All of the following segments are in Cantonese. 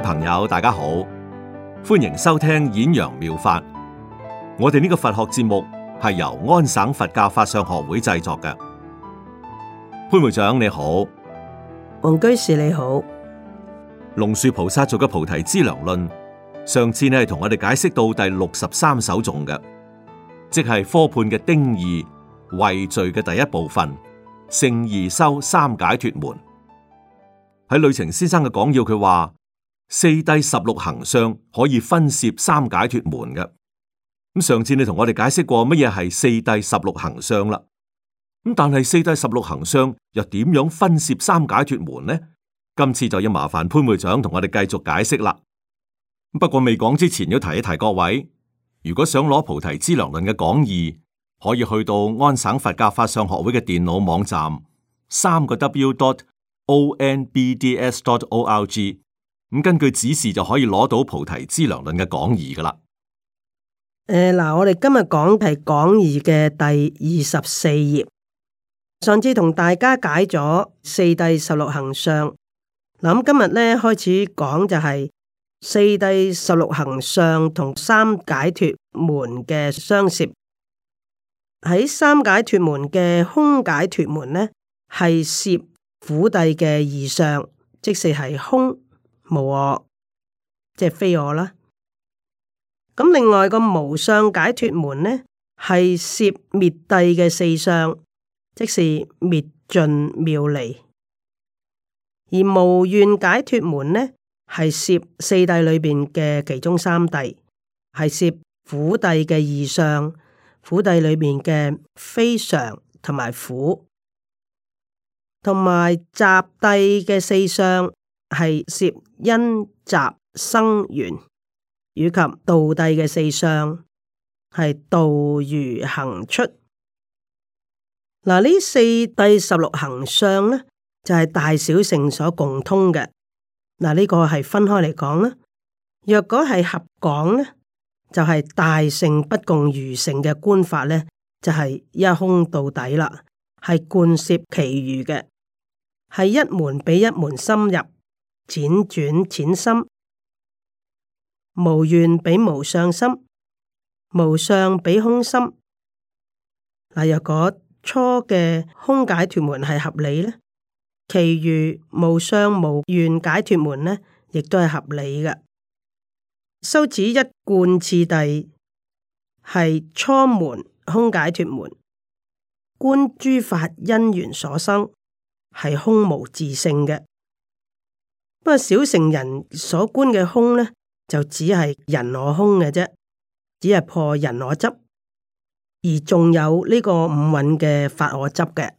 朋友，大家好，歡迎收聽演揚妙，妙法。我哋呢個佛學節目係由安省佛教法上學會製作嘅。潘會長你好，王居士你好，龍樹菩薩做嘅《菩提資糧論》，上次呢係同我哋解釋到第六十三首頌嘅，即係科判嘅丁二慧聚嘅第一部分，聖二修三解脱門。喺呂澂先生嘅講要，佢話。四諦十六行相可以分攝三解脫門嘅。咁上次你同我哋解釋過乜嘢係四諦十六行相啦。咁但係四諦十六行相又點樣分攝三解脫門呢？今次就要麻煩潘會長同我哋繼續解釋啦。不過未講之前要提一提各位，如果想攞菩提資糧論嘅講義，可以去到安省佛教法相學會嘅電腦網站，三個 w dot o n b d s dot o r g。咁根據指示就可以攞到菩提資糧論嘅講義噶啦。誒，嗱，我哋今日講係講義嘅第二十四頁。上次同大家解咗四諦十六行相，嗱咁今日咧，開始講就係四諦十六行相同三解脫門嘅相攝。喺三解脫門嘅空解脫門咧，係攝苦諦嘅二相，即使係空。無我，即係非我啦。咁另外個無相解脫門呢，係攝滅諦嘅四相，即是滅靜妙離。而無願解脫門呢，係攝四諦裏邊嘅其中三諦，係攝苦諦嘅二相，苦諦裏邊嘅非常同埋苦，同埋集諦嘅四相係攝，因集生緣以及道諦嘅四相，係道如行出。嗱，呢四諦十六行相呢，就係、是、大小乘所共通嘅。嗱，呢個係分開嚟講啦。若果係合講呢，就係、是、大乘不共如成嘅觀法呢，就係、是、一空到底啦，係貫攝其餘嘅，係一門比一門深入。輾轉淺心，無願比無相心，無相比空心。嗱，若果初嘅空解脱門係合理咧，其餘無相無願解脱門咧，亦都係合理嘅。修此一觀次第，係初門空解脱門，觀諸法因緣所生，係空無自性嘅。因為小乘人所觀嘅空呢，就只係人我空嘅啫，只係破人我執，而仲有呢個五蘊嘅法我執嘅。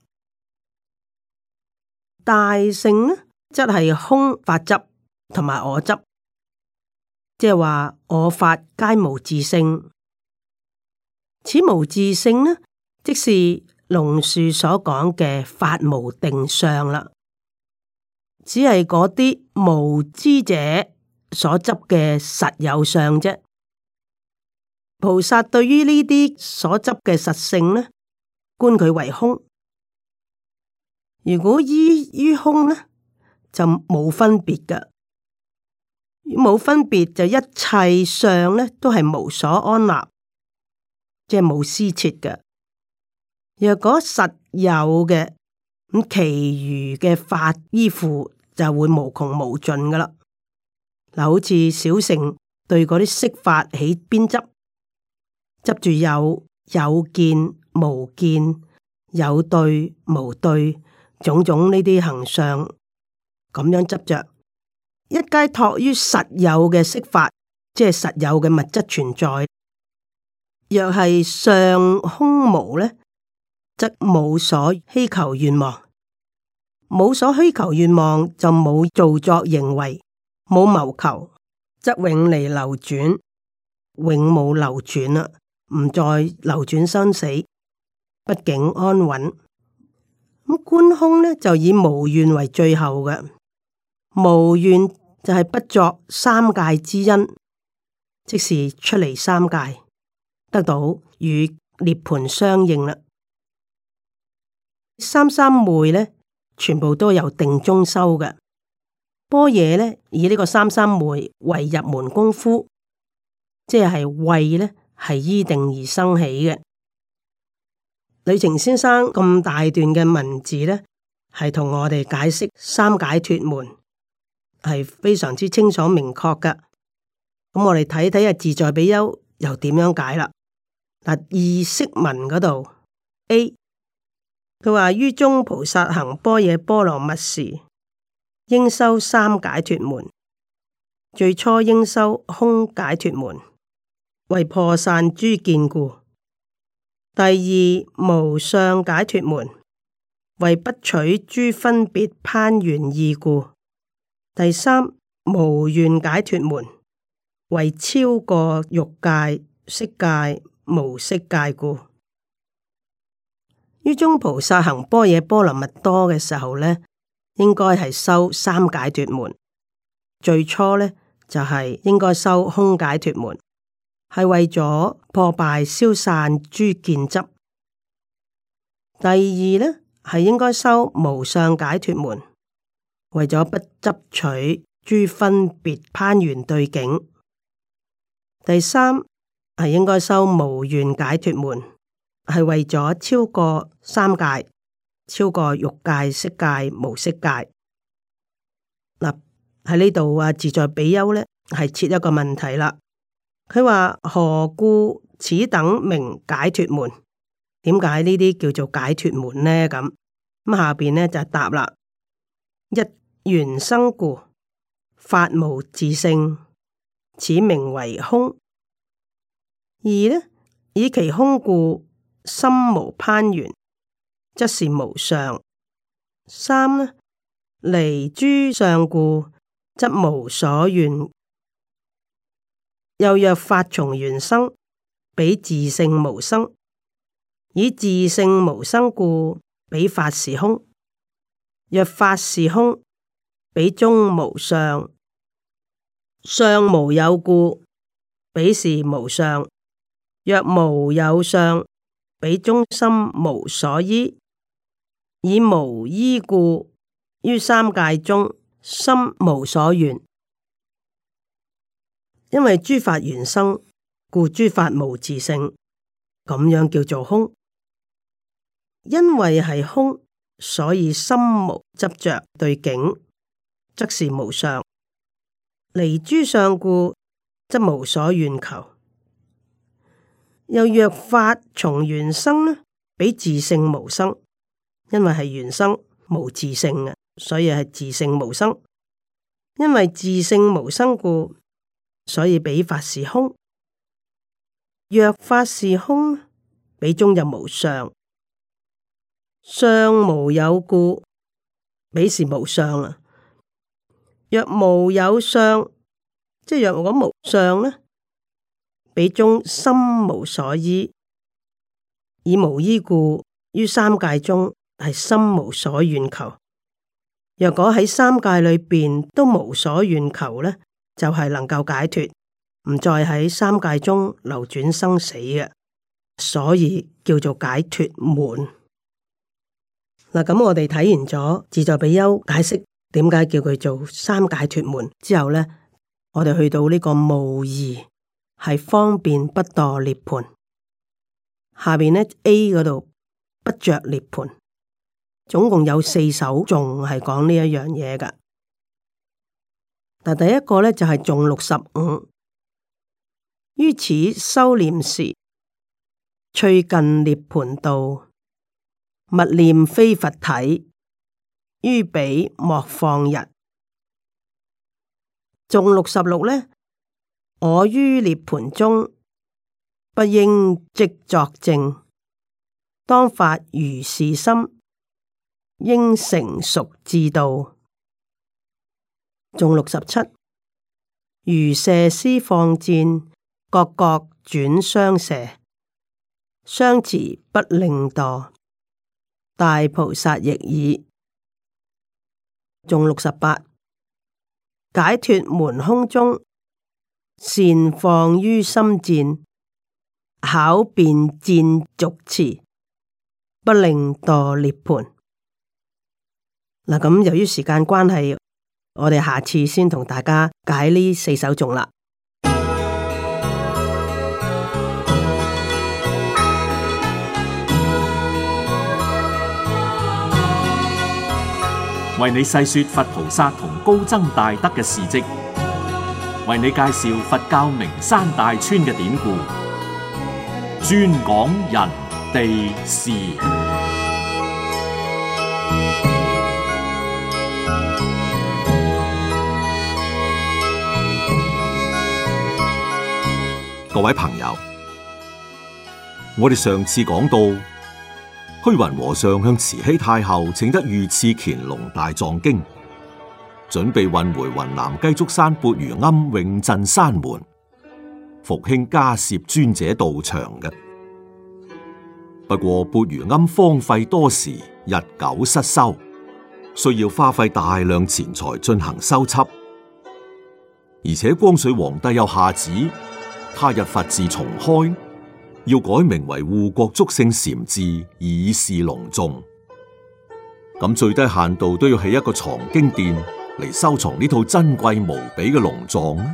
大乘呢，則係空法執同埋我執，即係話我法皆無自性。此無自性呢，即是龍樹所講嘅法無定相啦。只係嗰啲無知者所執嘅實有相啫。菩薩對於呢啲所執嘅實性呢，觀佢為空。如果依於空呢，就冇分別嘅，冇分別就一切相呢，都係無所安立，即係冇施設嘅。若果實有嘅，咁其餘嘅法依附。就會無窮無盡噶啦嗱，好似小乘對嗰啲色法起邊執，執住有有見無見，有對無對，種種呢啲行相咁樣執着。一皆託於實有嘅色法，即係實有嘅物質存在。若係上空無呢，則無所希求願望。冇所虛求願望，就冇造作行為，冇謀求，則永離流轉，永冇流轉啦，唔再流轉生死，畢竟安穩。咁觀空呢就以無願為最後嘅，無願就係不作三界之因，即是出嚟三界，得到與涅槃相應啦。三三昧呢？全部都由定中修嘅般若呢，以呢個三三昧為入門功夫，即係慧呢係依定而生起嘅。呂澄先生咁大段嘅文字呢，係同我哋解釋三解脫門係非常之清楚明確嘅。咁我哋睇睇下自在比丘又點樣解啦？嗱，意識文嗰度 A。佢話，於中菩薩行般若波羅蜜時，應修三解脱門。最初應修空解脱門，為破散諸見故；第二無相解脱門，為不取諸分別攀緣意故；第三無願解脱門，為超過欲界、色界、無色界故。於中，菩薩行般若波羅蜜多嘅時候呢，應該係修三解脫門。最初呢，就係、是、應該修空解脫門，係為咗破壞消散諸見執；第二呢，係應該修無相解脫門，為咗不執取諸分別攀緣對境；第三係應該修無願解脫門。係為咗超過三界，超過欲界、色界、無色界。嗱、啊，喺呢度啊，自在比丘咧，係設一個問題啦。佢話何故此等名解脫門？點解呢啲叫做解脫門呢？咁咁下邊咧就答啦：一緣生故，法無自性，此名為空；二咧，以其空故。心無攀緣，則是無常；三呢離諸相故，則無所願。又若法從緣生，比自性無生；以自性無生故，比法是空。若法是空，比中無相，相無有故，比是無相。若無有相。比中心無所依，以無依故，於三界中心無所願。因為諸法緣生，故諸法無自性，咁樣叫做空。因為係空，所以心無執着對境，則是無相，離諸相故，則無所願求。又若法從緣生比自性無生，因為係緣生無自性啊，所以係自性無生。因為自性無生故，所以比法是空。若法是空，比中又無相，相無有故，比是無相。若無有相，即係若講無相呢？比中心無所依，以無依故，於三界中係心無所願求。若果喺三界裏邊都無所願求呢，就係能夠解脱，唔再喺三界中流轉生死嘅，所以叫做解脱門。嗱，咁我哋睇完咗自在比丘解釋點解叫佢做三解脱門之後呢，我哋去到呢個「無疑」。係方便不墮涅盤，下面呢 A 嗰度不着涅盤，總共有四首仲係講呢一樣嘢噶。嗱，第一個呢就係、是、仲六十五，於此修念時，趣近涅盤道，勿念非佛體，於彼莫放逸。仲六十六呢？我於涅盤中不應即作證，當發如是心，應成熟智道。仲六十七，如射師放箭，各各轉相射，相持不令墮。大菩薩亦已。仲六十八，解脱門空中。.善放於心戰，巧辯戰俗詞，不令墮涅盤嗱，咁，由於時間關係，我哋下次先同大家解呢四首頌啦。為你細說佛菩薩同高僧大德嘅事跡。為你介紹佛教名山大川嘅典故，專講人地事。各位朋友，我哋上次講到虛雲和尚向慈禧太后請得御賜乾隆大藏經。準備運回雲南雞足山缽盂庵永鎮山門，復興迦葉尊者道場嘅。不過缽盂庵荒廢多時，日久失修，需要花費大量錢財進行修葺。而且光緒皇帝又下旨，他日佛寺重開，要改名為護國祝聖禪寺，以示隆重。咁最低限度都要起一個藏經殿。嚟收藏呢套珍貴無比嘅龍藏呢？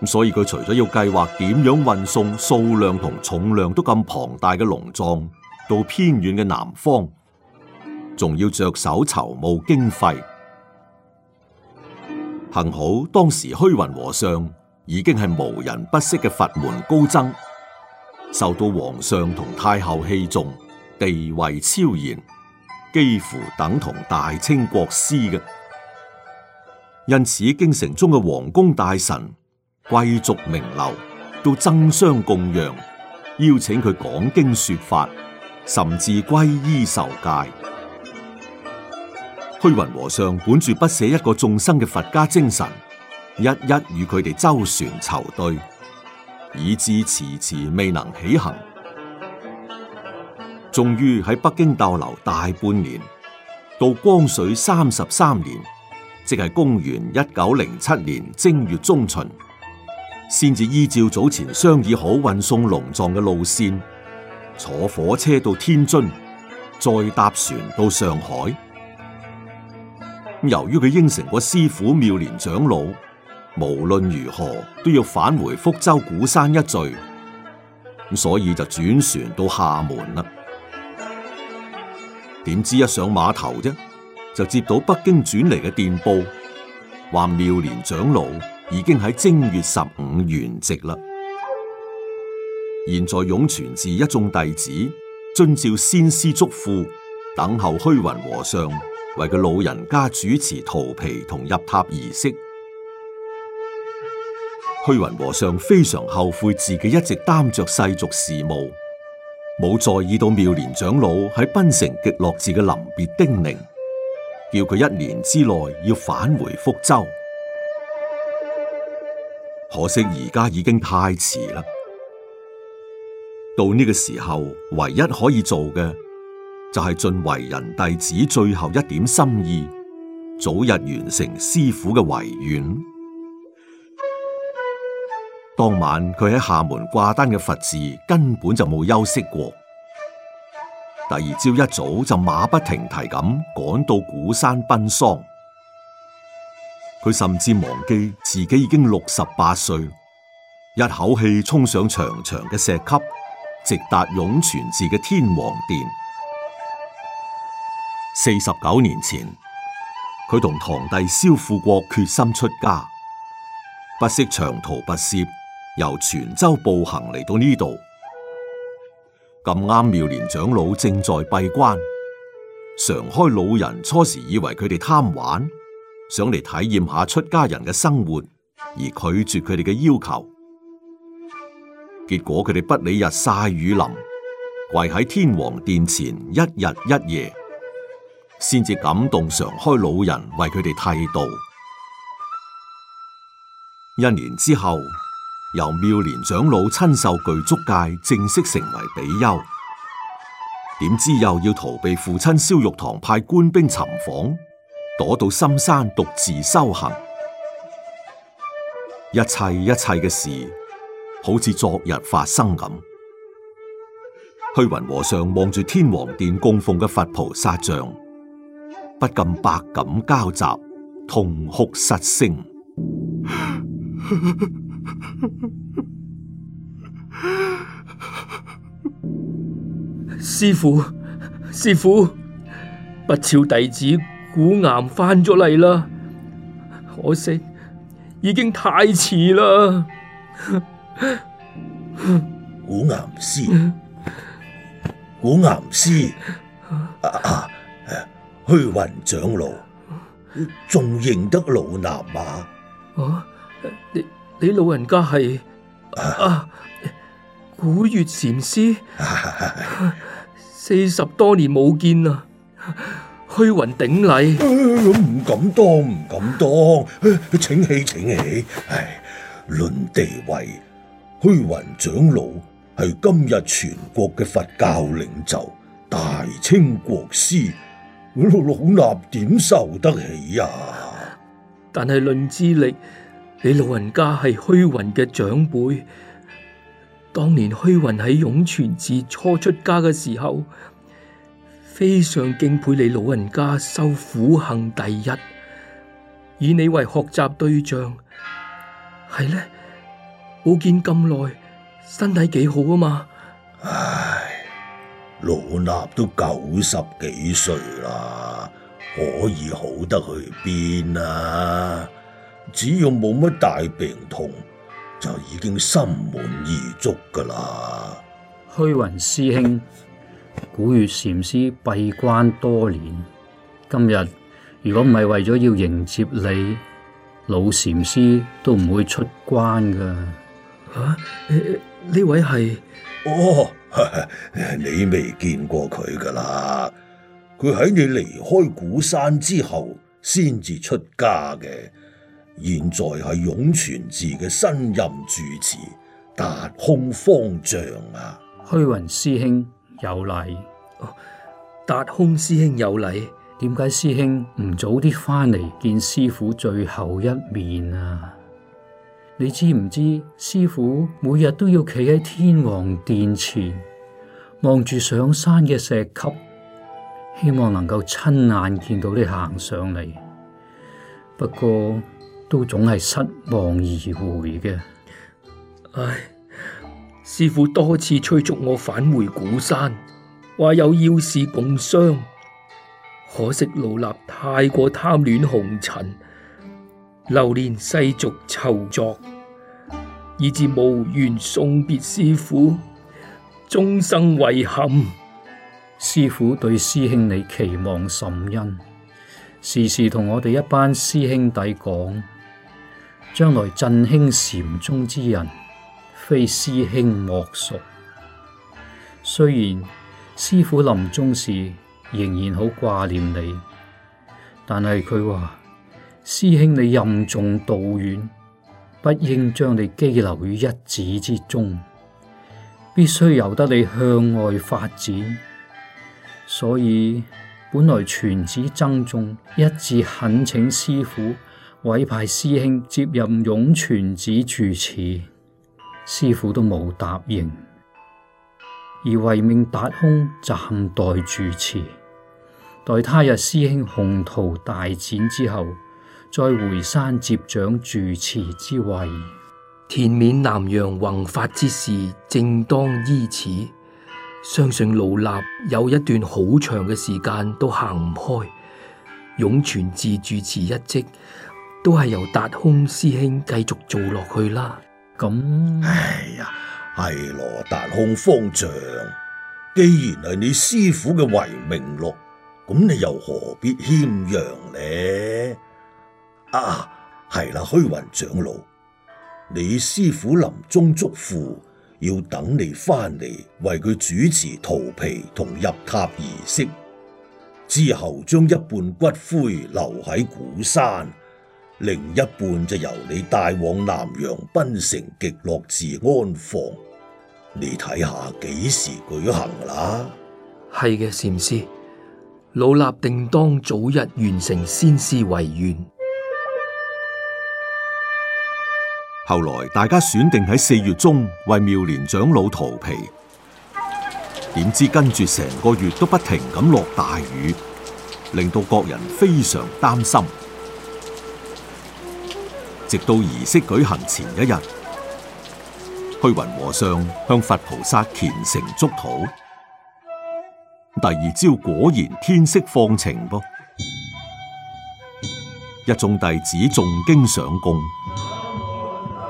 咁所以佢除咗要計劃點樣運送數量同重量都咁龐大嘅龍藏到偏遠嘅南方，仲要着手籌募經費。幸好當時虛雲和尚已經係無人不識嘅佛門高僧，受到皇上同太后器重，地位超然。幾乎等同大清國師嘅，因此京城中嘅皇宮大臣、貴族名流都爭相供養，邀請佢講經說法，甚至皈依受戒。虛雲和尚本住不捨一個眾生嘅佛家精神，一一與佢哋周旋籌對，以致遲遲未能起行。終於喺北京逗留大半年，到光緒三十三年，即係公元一九零七年正月中旬，先至依照早前商議好運送龍藏嘅路線，坐火車到天津，再搭船到上海。由於佢應承過師父妙蓮長老，無論如何都要返回福州鼓山一聚，咁所以就轉船到廈門啦。點知一上碼頭啫，就接到北京轉嚟嘅電報，話妙蓮長老已經喺正月十五圓寂啦。現在湧泉寺一眾弟子遵照先師囑咐，等候虛雲和尚為佢老人家主持荼毗同入塔儀式。虛雲和尚非常後悔自己一直擔着世俗事務。冇在意到妙蓮長老喺檳城極樂寺嘅臨別叮嚀，叫佢一年之內要返回福州。可惜而家已經太遲啦。到呢個時候，唯一可以做嘅就係盡為人弟子最後一點心意，早日完成師父嘅遺願。當晚佢喺廈門掛單嘅佛寺根本就冇休息過，第二朝一早就馬不停蹄咁趕到鼓山奔喪。佢甚至忘記自己已經六十八歲，一口氣衝上長長嘅石級，直達湧泉寺嘅天王殿。四十九年前，佢同堂弟蕭富國決心出家，不惜長途跋涉。由泉州步行嚟到呢度，咁啱妙蓮長老正在閉關。常開老人初時以為佢哋貪玩，想嚟體驗下出家人嘅生活，而拒絕佢哋嘅要求。結果佢哋不理日曬雨淋，跪喺天王殿前一日一夜，先至感動常開老人為佢哋剃度。一年之後。由妙蓮長老親授具足戒，正式成為比丘。點知又要逃避父親蕭玉堂派官兵尋訪，躲到深山獨自修行。一切一切嘅事，好似昨日發生咁。虛雲和尚望住天王殿供奉嘅佛菩薩像，不禁百感交集，痛哭失聲。 師父，師父，不肖弟子古巖翻咗嚟啦，可惜已經太遲啦。 古巖師，古巖師，啊啊！虛雲長老仲認得老衲嗎？ 你？你老人家係啊,啊古月禪師，啊、四十多年冇見啦，虛雲頂禮，唔敢當唔敢當，敢當啊、請起請起。唉，論地位，虛雲長老係今日全國嘅佛教領袖，大清國師，老衲點受得起啊？但係論資歷。你老人家係虛雲嘅長輩，當年虛雲喺湧泉寺初出家嘅時候，非常敬佩你老人家受苦行第一，以你為學習對象，係呢？冇見咁耐，身體幾好啊嘛？唉，老衲都九十幾歲啦，可以好得去邊啊？只要冇乜大病痛，就已經心滿意足噶啦。虛雲師兄， 古月禪師閉關多年，今日如果唔係為咗要迎接你，老禪師都唔會出關噶。吓、啊，欸、欸，呢位係？哦， 你未見過佢噶啦，佢喺你離開古山之後先至出家嘅。現在係湧泉寺嘅新任住持達空方丈啊，虛雲師兄有禮，哦，達空師兄有禮。點解師兄唔早啲翻嚟見師父最後一面啊？你知唔知師父每日都要企喺天王殿前望住上山嘅石級，希望能夠親眼見到你行上嚟。不過。都總係失望而回嘅。唉，師父多次催促我返回鼓山，話有要事共商。可惜老衲太過貪戀紅塵，流連世俗酬酢，以致無緣送別師父，終生遺憾。師父對師兄你期望甚殷，時時同我哋一班師兄弟講。將來振興禪宗之人，非師兄莫屬。雖然師父臨終時仍然好掛念你，但係佢話：師兄你任重道遠，不應將你羈留於一寺之中，必須由得你向外發展。所以本來全寺僧眾，一致懇請師父。委派師兄接任湧泉寺住持，師傅都冇答應，而為命達空暫代住持，待他日師兄宏圖大展之後，再回山接掌住持之位。田滿南洋宏法之事，正當依此，相信老衲有一段好長嘅時間都行唔開，湧泉寺住持一職，都係由達空師兄繼續做落去啦。咁，哎呀，係咯，達空方丈，既然係你師父嘅遺命咯，咁你又何必謙讓呢？啊，係啦，虛雲長老，你師父臨終囑咐，要等你翻嚟為佢主持荼毗同入塔儀式，之後將一半骨灰留喺鼓山。另一半就由你帶往南洋檳城極樂寺安放，你睇下幾時舉行啦？係嘅，禪師，老衲定當早日完成先師遺願。後來大家選定喺四月中為妙蓮長老荼毗，點知跟住成個月都不停咁落大雨，令到各人非常擔心。直到儀式舉行前一日，虛雲和尚向佛菩薩虔誠祝禱。第二朝果然天色放晴噃。一眾弟子誦經上供，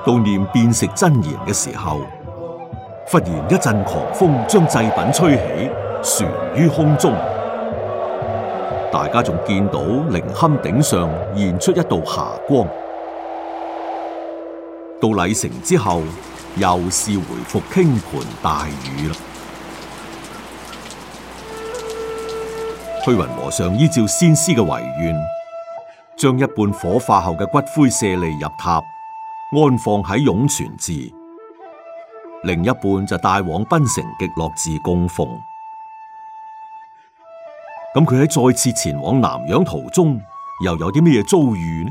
到念變食真言嘅時候，忽然一陣狂風將祭品吹起，懸於空中。大家仲見到靈龕頂上現出一道霞光。.到禮成之後，又是回復傾盆大雨啦。虛雲和尚依照先師嘅遺願，將一半火化後嘅骨灰舍利入塔安放喺湧泉寺，另一半就帶往檳城極樂寺供奉。咁佢喺再次前往南洋途中，又有啲咩遭遇呢？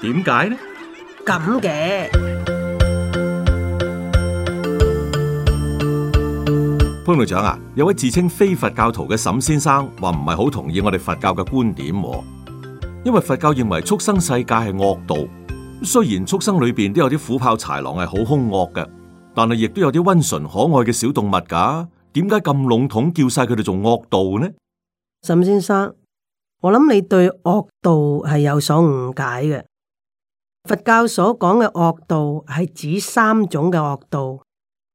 點解呢？咁嘅潘道長啊，有位自稱非佛教徒嘅沈先生話唔係好同意我哋佛教嘅觀點喎，因為佛教認為畜生世界係惡道。雖然畜生裏邊都有啲虎豹豺狼係好兇惡嘅，但係亦都有啲溫馴可愛嘅小動物噶。點解咁籠統叫晒佢哋做惡道呢？沈先生，我諗你對惡道係有所誤解嘅。佛教所講嘅惡道係指三種嘅惡道，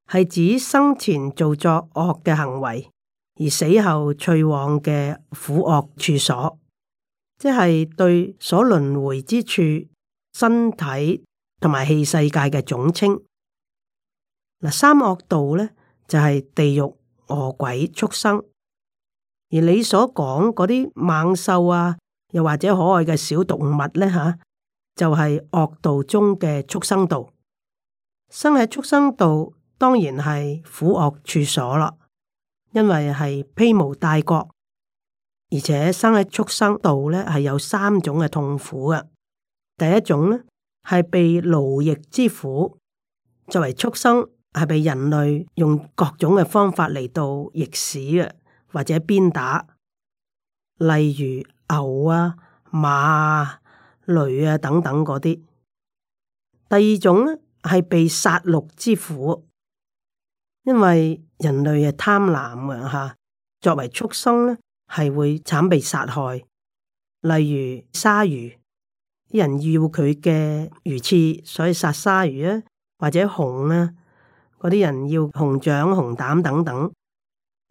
係指生前做作惡嘅行為，而死後趣往嘅苦惡處所，即係對所輪回之處、身體同埋器世界嘅總稱。嗱，三惡道呢，就係地獄、餓鬼、畜生。而你所講嗰啲猛獸啊，又或者可愛嘅小動物呢？吓。就係惡道中嘅畜生道，生喺畜生道當然係苦惡處所啦。因為係披毛戴角，而且生喺畜生道呢，係有三種嘅痛苦嘅。第一種呢，係被奴役之苦，作為畜生係被人類用各種嘅方法嚟到役使啊，或者鞭打，例如牛啊、馬啊。雷啊，等等嗰啲。第二種呢，係被殺戮之苦，因為人類係貪婪嘅吓，作為畜生呢，係會慘被殺害。例如鯊魚，啲人要佢嘅魚翅，所以殺鯊魚啊，或者熊啊，嗰啲人要熊掌、熊膽等等，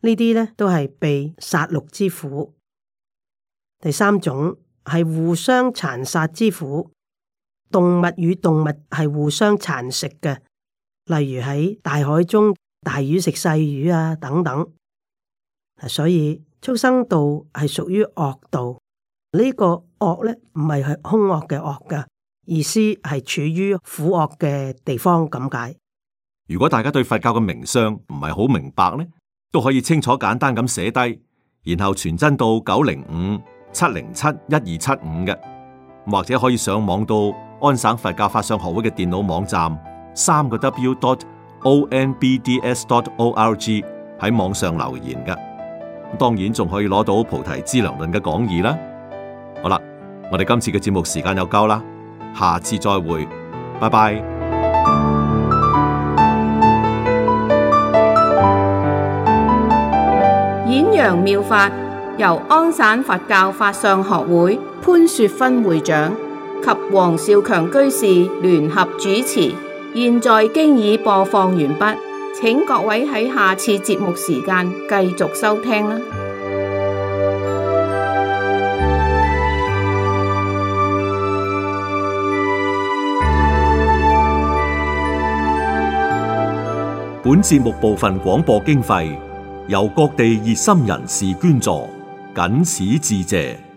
呢啲呢，都係被殺戮之苦。第三種，係互相殘殺之苦，動物與動物係互相殘食嘅，例如喺大海中大魚食細魚啊等等。所以畜生道係屬於惡道，這個、惡呢個惡咧唔係係凶惡嘅惡嘅，意思係處於苦惡嘅地方咁解。如果大家對佛教嘅名相唔係好明白咧，都可以清楚簡單咁寫低，然後傳真到九零五。七零七一二七五嘅，或者可以上網到安省佛教法相學會嘅電腦網站，三個 w dot o n b d s dot o r g 喺網上留言嘅。咁當然仲可以攞到菩提資糧論嘅講義啦。好啦，我哋今次嘅節目時間又夠啦，下次再會，拜拜。演揚妙法。由安省佛教法相學會潘雪芬會長及黃少強居士聯合主持，現在經已播放完畢，請各位喺下次節目時間繼續收聽啦。本節目部分廣播經費由各地熱心人士捐助。僅此致謝。